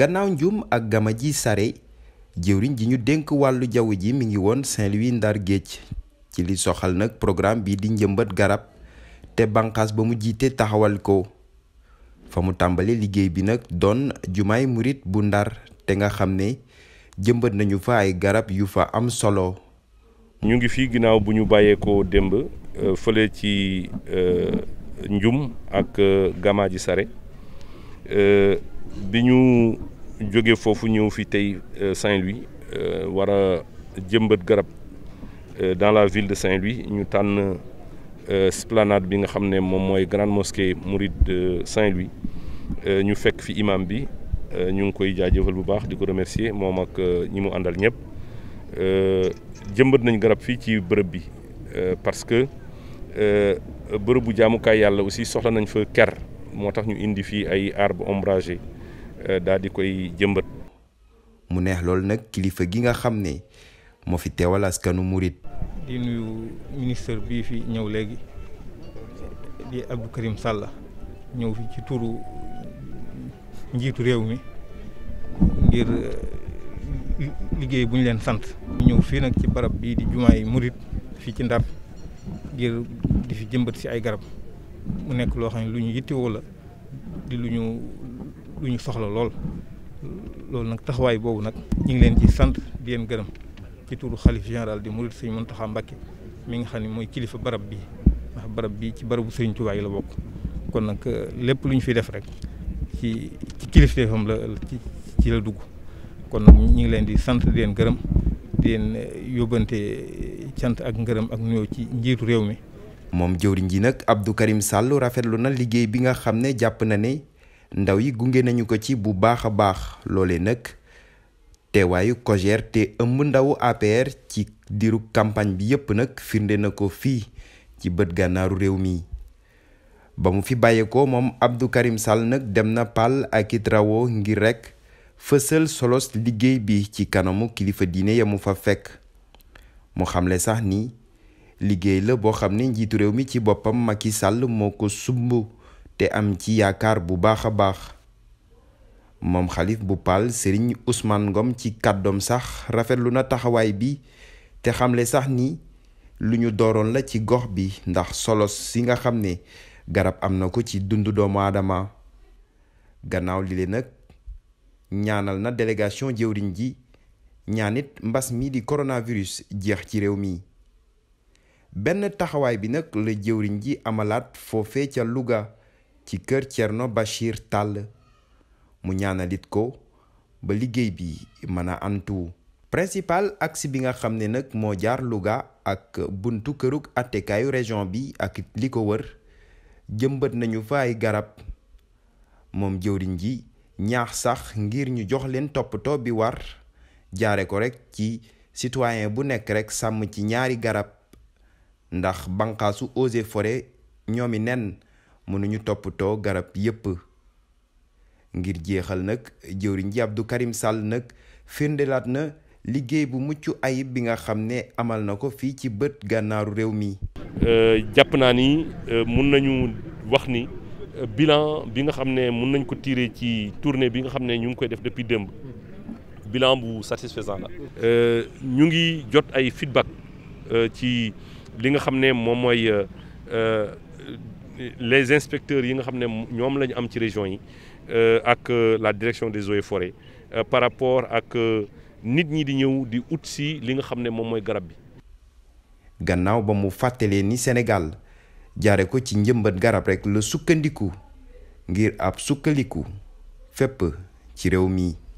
gannaaw njum ak gama ji Sare jëwriñ ji ñu dénk wàllu jaww ji mi ngi woon Saint-Louis Ndar Géej ci li soxal nag programme bii di njëmbat garab te banqaas ba mu jiite taxawal ko fa mu tàmbali liggéey bi nag doon jumaay murit bu Ndar te nga xam ne jëmbat nañu fa ay garab yu fa am solo ñu ngi fii ginnaaw bu ñu bàyyeekoo démb euh, fële ci euh, njum ak euh, gama Gamaji Sare bi ñu Nous fofu fi euh, Saint-Louis euh wara euh, dans la ville de Saint-Louis Nous euh, avons... esplanade bi nga xamné mom moy grande mosquée de Saint-Louis ñu fekk fi imam bi ñu ngi koy jaajeufal bu baax diko remercier mom ak ñimu ci parce que nous sommes aussi soxla nañ fa ñu indi ay arbre ombragé Euh, daal di koy jëmbat. mu neex loolu nag kilifa gi nga xam ne moo fi teewal askanu murit di nuyu ministre bii fi ñëw léegi di Abdou Karim Sall ñëw fi ci turu njiitu réew mi ngir euh, liggéey bu ñu leen sant. ñëw fii nag ci barab bii di yi murit fii ci Ndar ngir di fi jëmbat si ay garab mu nekk loo xam ne lu ñu yittewoo la. di lu ñu lu ñu soxla lool loolu nag taxawaay boobu nag ñu ngi leen ci sant di leen gërëm ci turu xalif général di murid sëñ Muntaxa Mbàkke mi nga xam ne mooy kilifa barab bi ndax barab bi ci barabu sëriñ Tuubaa la bokk kon nag euh, lépp lu ñu fi def rek ci ci kilifteefam la ci la dugg kon nag ñu ngi leen di sant di leen gërëm di leen yóbbante cant ak ngërëm ak nuyoo ci njiitu réew mi moom jëwriñ ji nag Abdou Karim Sall rafetlu na liggéey bi nga xam ne na ne ndaw yi gunge nañu ko ci bu baax a baax loolee te ndawu APR ci diruk campagne bi yépp nag firnde na ko fii ci bët gànnaaru réew mi. fi bàyyeekoo Abdou Karim Sall nag dem na pal ak i trawo ngir rek fësal solos liggéey bi ci kanamu kilifa diine ya mu fa fekk mu sax ni. liggéey la boo xam ne njiitu réew mi ci boppam Macky Sall moo ko sumb te am ci yaakaar bu baax a baax moom xalif bu Paal sëriñ Ousmane Ngom ci kàddoom sax rafetlu na taxawaay bi te xamle sax ni lu ñu dooroon la ci gox bi ndax solos si nga xam ne garab am na ko ci dundu doomu aadama gannaaw li nag ñaanal na délégation jëwriñ ji ñaanit mbas mi di coronavirus jeex ci réew mi benn taxawaay bi nag la jëwriñ ji amalaat foofe ca Louga ci kër Thierno Bachir Tall mu ñaanalit ko ba liggéey bi mën a antu principal axe bi nga xam ne nag moo jaar Louga ak buntu kërug attekaayu région bi ak li ko wër jëmbat nañu fa ay garab moom jëwriñ ji ñaax sax ngir ñu jox leen toppatoo bi war jaare ko rek ci citoyen bu nekk rek sàmm ci ñaari garab ndax banqaasu ose fore forêt ñoomi nen mënuñu toppatoo garab yépp ngir jeexal nag jëwriñ ji Abdou Karim Sall nag firndelaat na liggéey bu mucc ayib bi nga xam ne amal na ko fii ci bët gànnaaru réew mi. Euh, jàpp naa ni euh, mun nañu wax ni euh, bilan bi nga xam ne mun nañ ko tiire ci tournée bi nga xam ne ñu ngi koy def depuis dëmb bilan bu satisfaisant la. ñu ngi jot ay feedback ci. li nga xam ne moom euh, euh, les inspecteurs yi nga xamné ñom ñoom am ci région yi euh, ak la direction des eaux et forêts par rapport ak nit ñi di ñëw di ut si li nga xam ne moom garab bi. gannaaw ba mu fàttalee ni Sénégal jaare ko ci ñëmbat garab rek le sukkandiku ngir ab sukkaliku fep ci réew mi.